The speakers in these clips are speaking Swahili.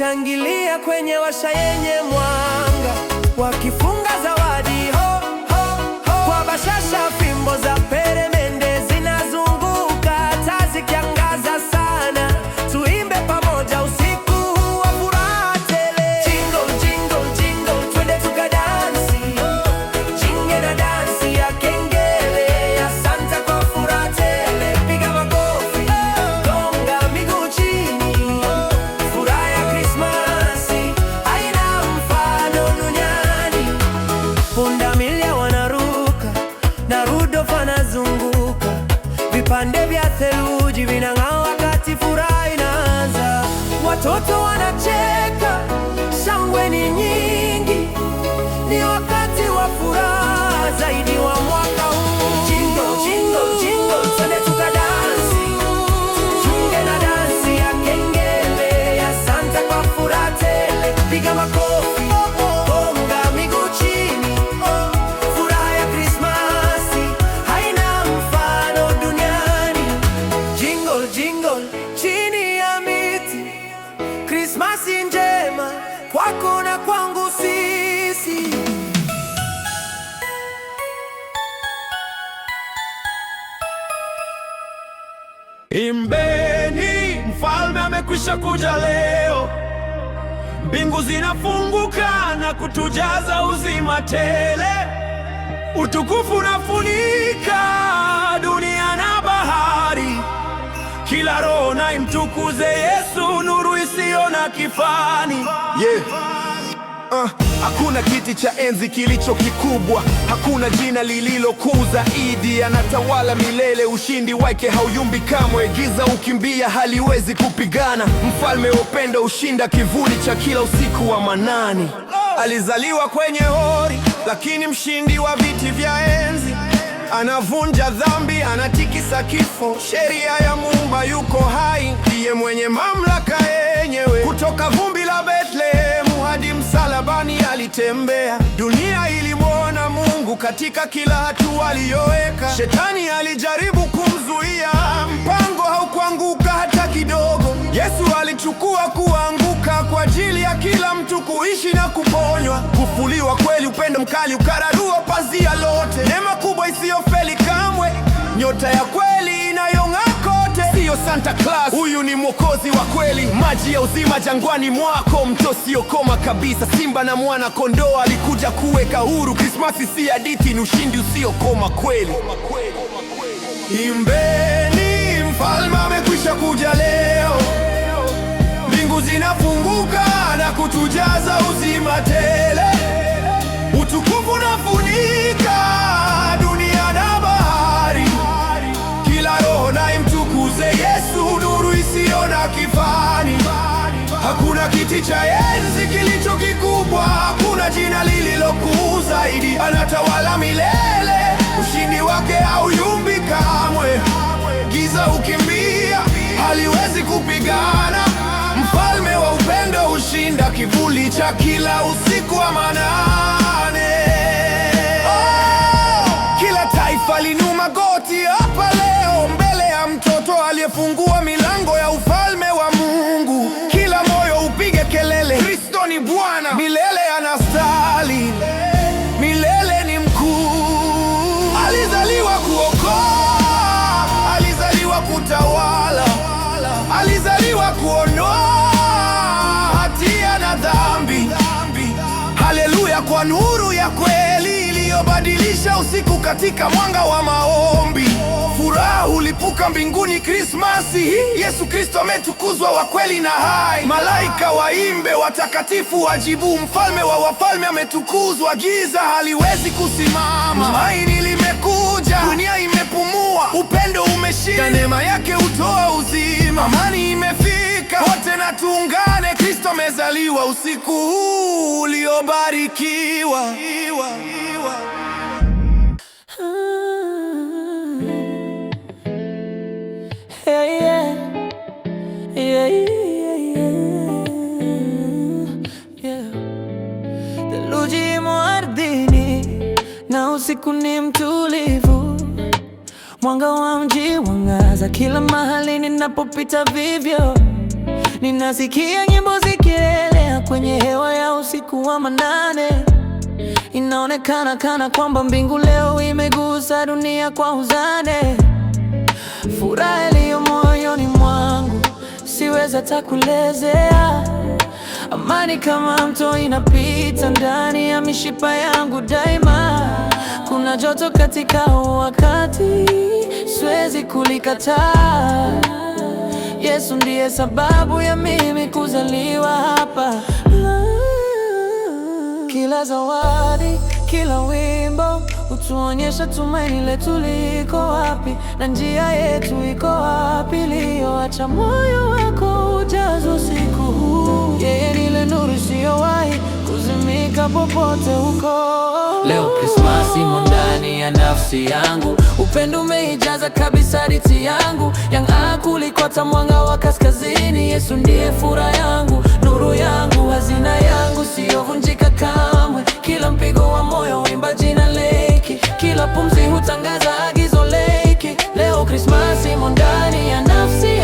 Wanashangilia kwenye washa yenye mwanga wakifunga watoto wanacheka, shangwe ni nyingi, ni wakati wa furaha zaidi wa mwaka huu. Jingle, jingle, jingle, twende tukadansi, tunge na dansi ya kengele ya Santa kwa furaha tele, piga makofi Jingle, jingle, jingle. kwako na kwangu sisi. Imbeni, mfalme amekwisha kuja leo, mbingu zinafunguka na kutujaza uzima tele, utukufu unafunika dunia kila roho na imtukuze Yesu, nuru isiyo na kifani yeah. uh. Hakuna kiti cha enzi kilicho kikubwa, hakuna jina lililo kuu zaidi. Anatawala milele, ushindi wake hauyumbi kamwe. Giza ukimbia haliwezi kupigana. Mfalme wa upendo ushinda kivuli cha kila usiku wa manani. Alizaliwa kwenye hori, lakini mshindi wa viti vya enzi anavunja dhambi, anatikisa kifo. Sheria ya Muumba, yuko hai, ndiye mwenye mamlaka yenyewe. Kutoka vumbi la Betlehemu hadi msalabani alitembea. Dunia ilimwona Mungu katika kila hatua aliyoweka. Shetani alijaribu kumzuia, mpango haukuanguka hata kidogo. Yesu alichukua kuanguka kwa ajili ya kila mtu kuishi na kuponywa, kufuliwa kweli, upendo mkali ukararua pazia lote, neema kubwa isiyofeli kamwe, nyota ya kweli inayong'aa kote. Siyo Santa Claus, huyu ni mwokozi wa kweli, maji ya uzima jangwani mwako, mto siokoma kabisa, simba na mwana kondoo alikuja kuweka huru. Krismasi si hadithi, ni ushindi usiokoma kweli. Imbe Mfalme amekwisha kuja leo, mbingu zinafunguka na kutujaza uzima tele, utukufu unafunika dunia na bahari, kila roho na imtukuze Yesu, nuru isiyo na kifani. Hakuna kiti cha enzi kilicho kikubwa, hakuna jina zaidi anatawala milele ushindi kila usiku wa manane Kubadilisha usiku katika mwanga wa maombi, furaha hulipuka mbinguni Krismasi. Yesu Kristo ametukuzwa, wa kweli na hai. Malaika waimbe, watakatifu wajibu, mfalme wa wafalme ametukuzwa. Giza haliwezi kusimama, tumaini limekuja, dunia imepumua, upendo umeshinda, neema yake hutoa uzima, amani imefika, wote na tuungane. Kristo amezaliwa, usiku huu uliobarikiwa. yeah, yeah. Yeah, yeah, yeah. Theluji imo na usiku ni mtulivu, mwanga wa mji wangaza kila mahali ninapopita, vivyo ninasikia nyimbo zikielea kwenye hewa ya usiku wa manane. Inaonekana kana kwamba mbingu leo imegusa dunia kwa uzane furaha siwezi hata kuelezea. Amani kama mto inapita ndani ya mishipa yangu daima. Kuna joto katika wakati, siwezi kulikataa. Yesu ndiye sababu ya mimi kuzaliwa hapa. Kila zawadi, kila wimbo kutuonyesha tumaini letu liko wapi na njia yetu iko wapi, iliyoacha moyo wako ujazo usiku huu. Yeye ni ile nuru isiyowahi kuzimika popote huko. Leo Krismasi imo ndani ya nafsi yangu, upendo umeijaza kabisa riti yangu. Yang'aa kuliko mwanga wa kaskazini. Yesu ndiye furaha yangu, nuru yangu, hazina yangu siyovunjika kamwe. Kila mpigo wa moyo uimba jina lake halaiki, kila pumzi hutangaza agizo leiki. Leo Krismasi imo ndani ya nafsi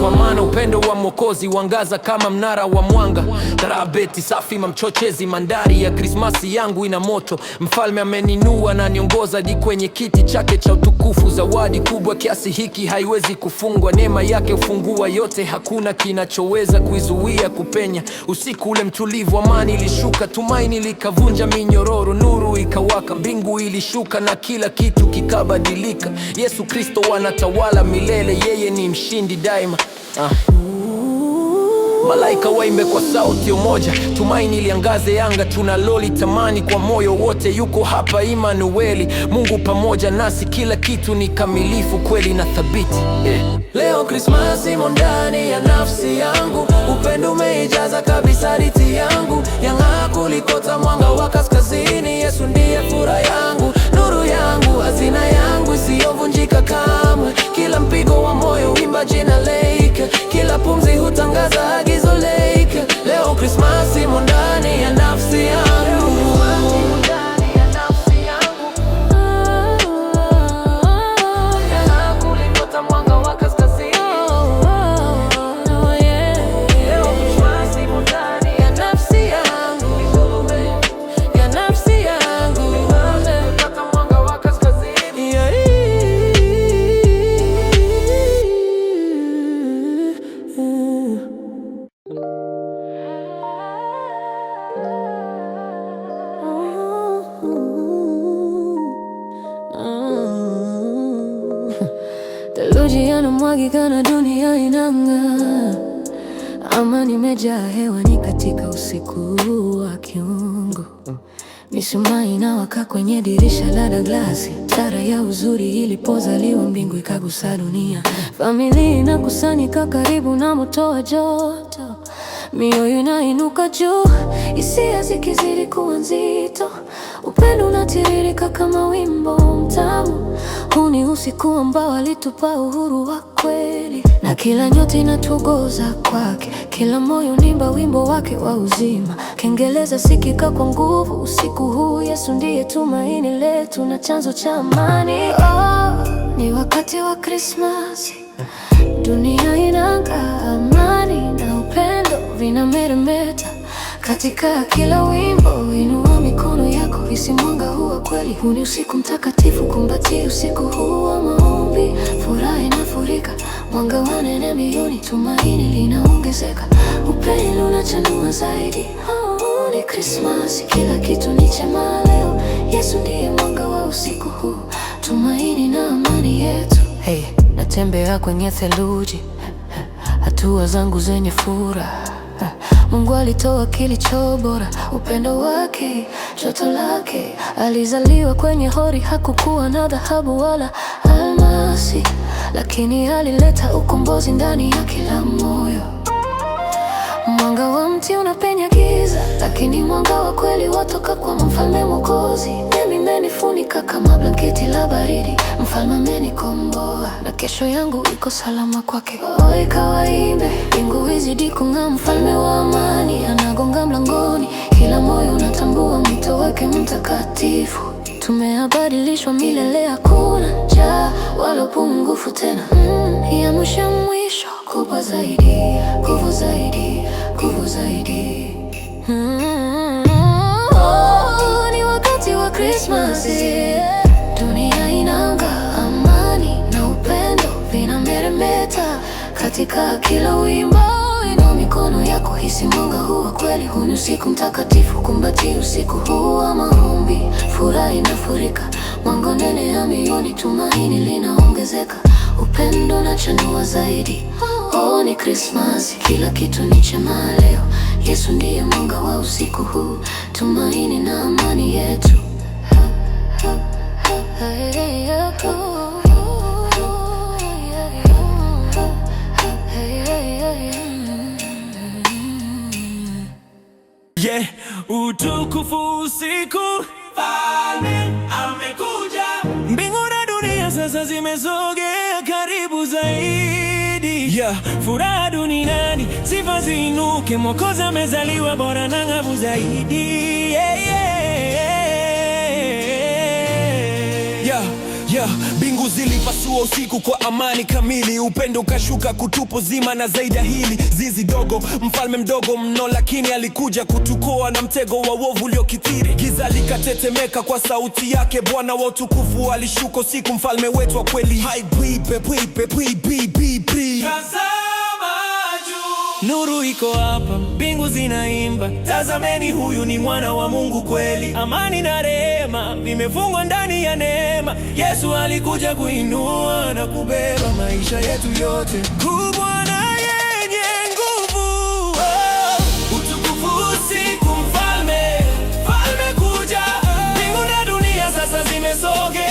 kwa maana upendo wa Mwokozi wangaza kama mnara wa mwanga. Tarabeti safi mamchochezi, mandari ya Krismasi yangu ina moto. Mfalme ameninua na niongoza di kwenye kiti chake cha utukufu. Zawadi kubwa kiasi hiki haiwezi kufungwa, neema yake ufungua yote, hakuna kinachoweza kuizuia kupenya. Usiku ule mtulivu, amani ilishuka, tumaini likavunja minyororo, nuru ikawaka, mbingu ilishuka na kila kitu kikabadilika. Yesu Kristo anatawala milele, yeye ni mshindi daima. Malaika waimbe kwa sauti umoja, tumaini liangaze tuna loli tamani kwa moyo wote, yuko hapa Imanueli, Mungu pamoja nasi, kila kitu ni kamilifu kweli na thabiti yeah. Leo Krismasi imo ndani ya nafsi yangu, upendo umeijaza kabisa riti yangu, yang'aa kulikota mwanga waka Nikipagikana dunia ama amani hewa, ni katika usiku wa kiungu. misuma inawaka kwenye dirisha la daglasi, tara ya uzuri ilipozaliwa, mbingu ikagusa dunia. Familia inakusanyika karibu na moto wa joto, mioyo inainuka juu, hisia zikizidi kuanzia upendo unatiririka kama wimbo mtamu. Huu ni usiku ambao alitupa uhuru wa kweli, na kila nyota inatugoza kwake, kila moyo nimba wimbo wake wa uzima. Kengeleza sikika kwa nguvu usiku huu, Yesu ndiye tumaini letu na chanzo cha amani. Oh, ni wakati wa Krismasi, dunia inanga amani na upendo vinameremeta katika kila wimbo. Inua nahisi mwanga huu wa kweli, huu ni usiku mtakatifu, kumbati usiku huu wa maombi. Furaha inafurika, mwanga wanene miyoni, tumaini linaongezeka, upendo unachanua zaidi. Oh, ni Krismasi, kila kitu ni chema leo. Yesu ndiye mwanga wa usiku huu, tumaini na amani yetu. Hey, natembea kwenye theluji, hatua zangu zenye furaha Mungu alitoa kilicho bora, upendo wake, joto lake. Alizaliwa kwenye hori, hakukuwa na dhahabu wala almasi, lakini alileta ukombozi ndani ya kila moyo. Mwanga wa mti unapenya giza, lakini mwanga wa kweli watoka kwa Mfalme Mwokozi kunifunika kama blanketi la baridi. Mfalme amenikomboa na kesho yangu iko salama kwake. Oi kawaimbe, mbingu izidi kung'aa, mfalme wa amani anagonga mlangoni, kila moyo unatambua mwito wake mtakatifu. Tumeabadilishwa milele, hakuna njaa wala upungufu tena. Mm, ya mwisho mwisho kubwa zaidi katika kila wimbo. Inua mikono yako, hisi mwanga huu wa kweli. Huu ni usiku mtakatifu, kumbatia usiku huu wa maombi. Furaha inafurika mwango, ndani ya mioni tumaini linaongezeka, upendo na chanua zaidi. Oh, ni Krismasi, kila kitu ni chema leo. Yesu ndiye mwanga wa usiku huu, tumaini na amani yetu. utukufu usiku. Falme amekuja. Mbingu na dunia sasa zimesogea karibu zaidi. Yeah, furaha duniani, sifa zinuke Mwokozi amezaliwa, bora na ng'avu zaidi. Yeah, yeah. zilipasua usiku kwa amani kamili, upendo ukashuka kutupo zima na zaidi ya hili zizi dogo, mfalme mdogo mno, lakini alikuja kutukoa na mtego wa wovu uliokithiri. Giza likatetemeka kwa sauti yake, Bwana wa utukufu alishuka usiku, mfalme wetu wa kweli. Nuru iko hapa, mbingu zinaimba, tazameni, huyu ni mwana wa Mungu kweli. Amani na rehema vimefungwa ndani ya neema. Yesu alikuja kuinua na kubeba maisha yetu yote, kubwa yenye nguvu. Oh, utukufu usiku, mfalme, mfalme kuja. Mbingu na dunia sasa zimesogea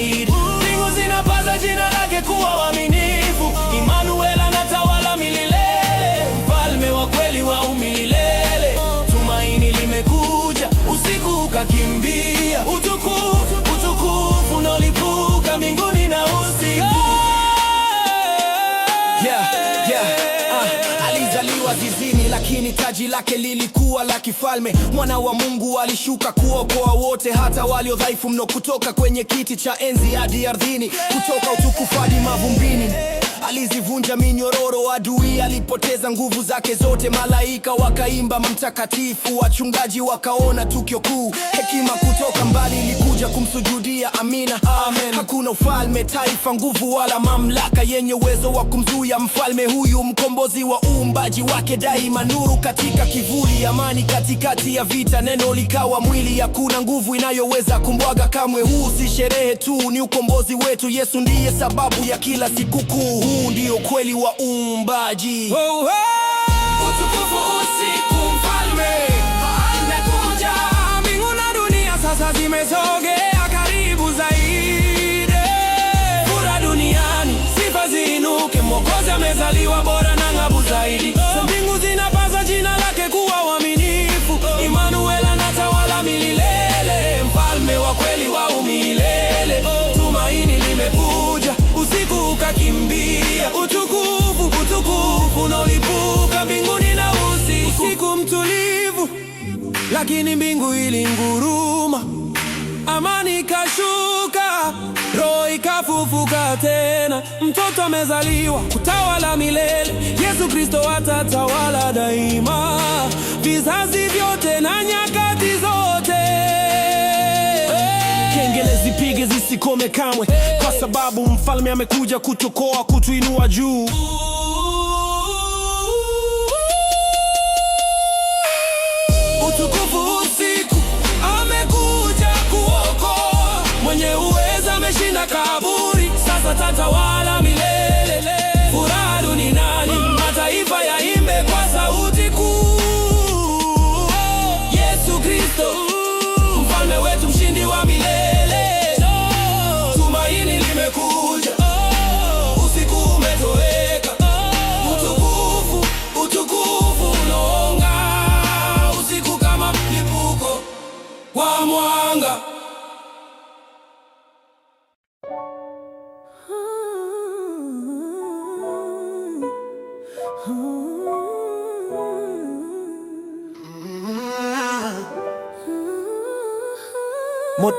side Lakini taji lake lilikuwa la kifalme. Mwana wa Mungu alishuka kuokoa wote, hata walio dhaifu mno, kutoka kwenye kiti cha enzi hadi ardhini, kutoka utukufu hadi mavumbini alizivunja minyororo, adui alipoteza nguvu zake zote, malaika wakaimba mtakatifu, wachungaji wakaona tukio kuu, hekima kutoka mbali ilikuja kumsujudia. Amina, amen. Hakuna ufalme, taifa, nguvu wala mamlaka yenye uwezo wa kumzuia mfalme huyu, mkombozi wa uumbaji wake daima, nuru katika kivuli, amani katikati ya vita, neno likawa mwili, hakuna nguvu inayoweza kumbwaga kamwe. Huu si sherehe tu, ni ukombozi wetu. Yesu ndiye sababu ya kila sikukuu huu ndio kweli wa uumbaji. oh, oh. Utukufu usiku mfalme, Mbingu na dunia sasa zimesoge utukufu mbinguni na usiku. Usiku mtulivu, lakini mbingu ilinguruma, amani ikashuka, roho ikafufuka tena. Mtoto amezaliwa kutawala milele, Yesu Kristo atatawala daima, vizazi vyote na nyakati zote. Kengele zipige zisikome kamwe, kwa sababu mfalme amekuja kutokoa kutuinua juu. ameshinda kaburi, sasa tatawala milele. Furaha duniani, mataifa yaimbe kwa sauti kuu, Yesu Kristo mfalme wetu, mshindi wa milele.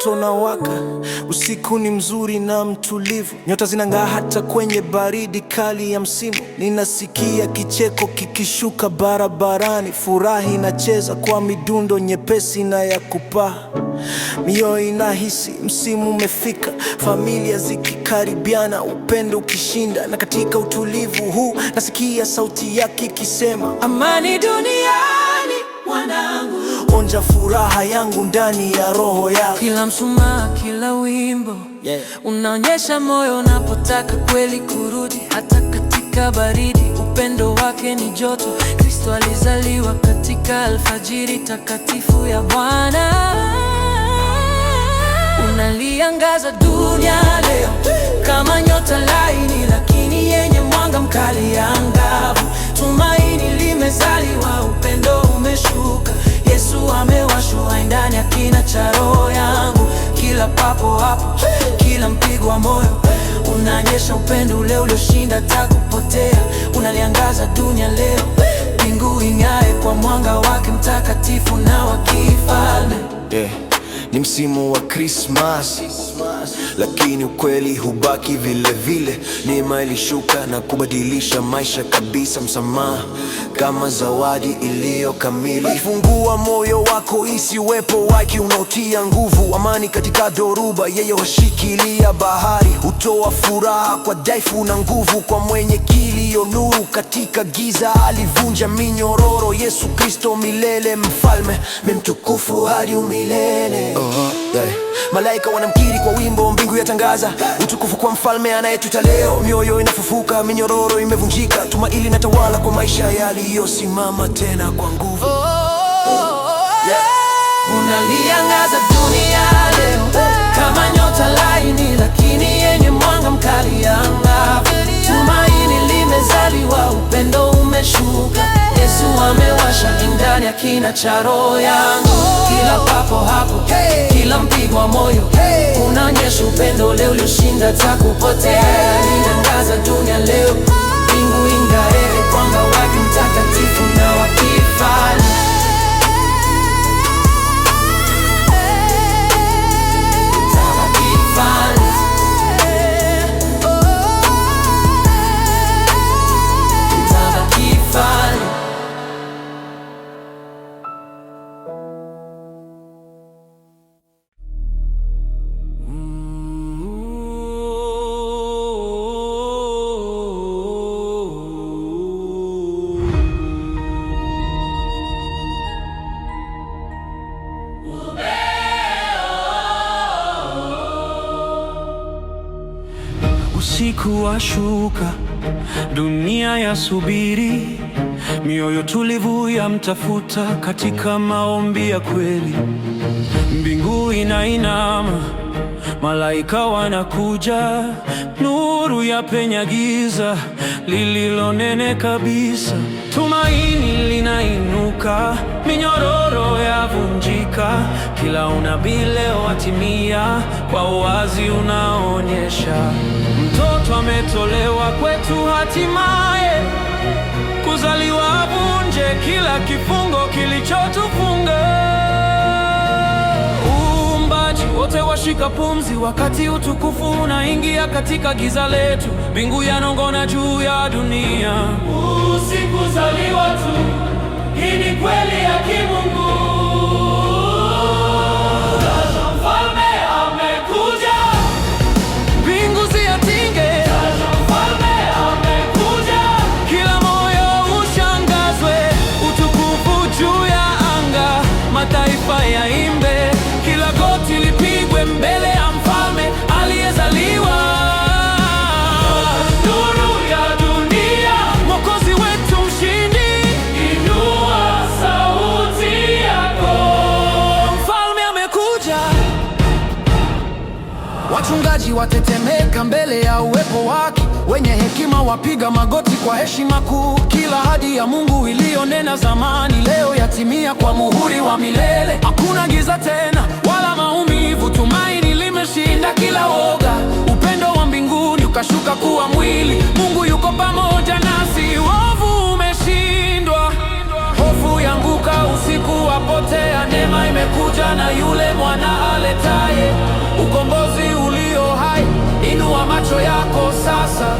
moto unawaka, usiku ni mzuri na mtulivu, nyota zinang'aa hata kwenye baridi kali ya msimu. Ninasikia kicheko kikishuka barabarani, furaha inacheza kwa midundo nyepesi na ya kupaa. Mioyo inahisi msimu umefika, familia zikikaribiana, upendo ukishinda. Na katika utulivu huu nasikia sauti yake ikisema, amani dunia mwanangu, onja furaha yangu ndani ya roho yako. Kila mshumaa, kila wimbo yeah, unaonyesha moyo unapotaka kweli kurudi, hata katika baridi upendo wake ni joto. Kristo alizaliwa katika alfajiri takatifu ya Bwana. Unaliangaza dunia leo kama nyota laini, lakini yenye mwanga mkali anga umezaliwa, upendo umeshuka. Yesu amewashwa ndani ya kina cha roho yangu, kila papo hapo, kila mpigo wa moyo unanyesha upendo ule ulioshinda ta kupotea, unaliangaza dunia leo, mbingu ing'ae kwa mwanga wake mtakatifu na wa kifalme yeah. Ni msimu wa Krismas, lakini ukweli hubaki vile vile. Neema ilishuka na kubadilisha maisha kabisa. Msamaha kama zawadi iliyo kamili. Fungua moyo wako, uwepo waki unaotia nguvu. Amani katika dhoruba, yeye washikilia bahari. Hutoa furaha kwa dhaifu na nguvu kwa mwenye kili ndiyo nuru katika giza, alivunja minyororo. Yesu Kristo milele, mfalme mtukufu hadi umilele. uh -huh, yeah. Malaika wanamkiri kwa wimbo, mbingu yatangaza utukufu kwa mfalme anayetuita leo. Mioyo inafufuka, minyororo imevunjika, tumaini natawala kwa maisha yaliyosimama tena kwa nguvu. Oh oh oh, oh, oh, oh, yeah. Unaliangaza dunia leo kama nyota laini, lakini yenye mwanga mkali anga umezaliwa, upendo umeshuka, Yesu amewasha ndani ya kina cha roho yangu, kila papo hapo, kila mpigo wa moyo unaonyesha upendo leo ulioshinda takupotea, inaangaza dunia leo, mbingu ingae kwamba wake usiku washuka, dunia yasubiri, mioyo tulivu yamtafuta katika maombi ya kweli. Mbingu inainama, malaika wanakuja, nuru ya penya giza lililonene kabisa. Tumaini linainuka, minyororo yavunjika, kila unabii leo watimia, kwa uwazi unaonyesha Yesu ametolewa kwetu, hatimaye kuzaliwa vunje kila kifungo kilichotufunga. Uumbaji wote washika pumzi, wakati utukufu unaingia katika giza letu. Mbingu yanong'ona juu ya dunia, usikuzaliwa tu, hii ni kweli ya kimungu. mataifa yaimbe, kila goti lipigwe mbele ya mfalme aliyezaliwa. Nuru ya dunia, Mwokozi wetu mshindi, inua sauti yako, mfalme amekuja. Wachungaji watetemeka mbele ya uwepo wake wenye hekima wapiga magoti kwa heshima kuu. Kila ahadi ya Mungu iliyonena zamani, leo yatimia kwa muhuri wa milele. Hakuna giza tena wala maumivu, tumaini limeshinda kila woga. Upendo wa mbinguni ukashuka kuwa mwili. Mungu yuko pamoja nasi, wovu umeshindwa, hofu yanguka, usiku wapotea, neema imekuja na yule mwana aletaye ukombozi ulio hai. Inua macho yako sasa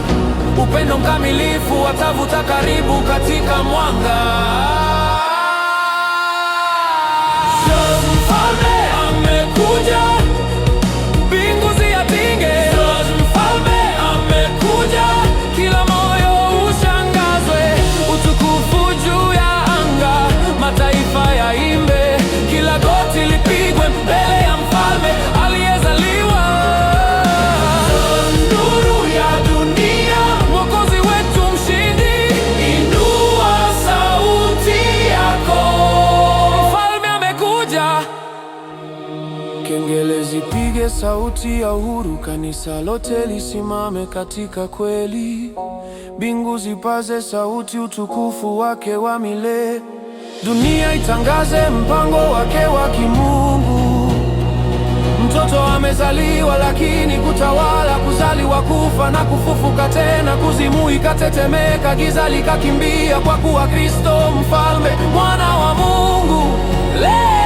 upendo mkamilifu, watavuta karibu katika mwanga sauti ya uhuru, kanisa lote lisimame katika kweli. Mbingu zipaze sauti, utukufu wake wa milele. Dunia itangaze mpango wake wa kimungu. Mtoto amezaliwa, lakini kutawala, kuzaliwa, kufa na kufufuka tena, kuzimu ikatetemeka, giza likakimbia, kwa kuwa Kristo mfalme, mwana wa Mungu leo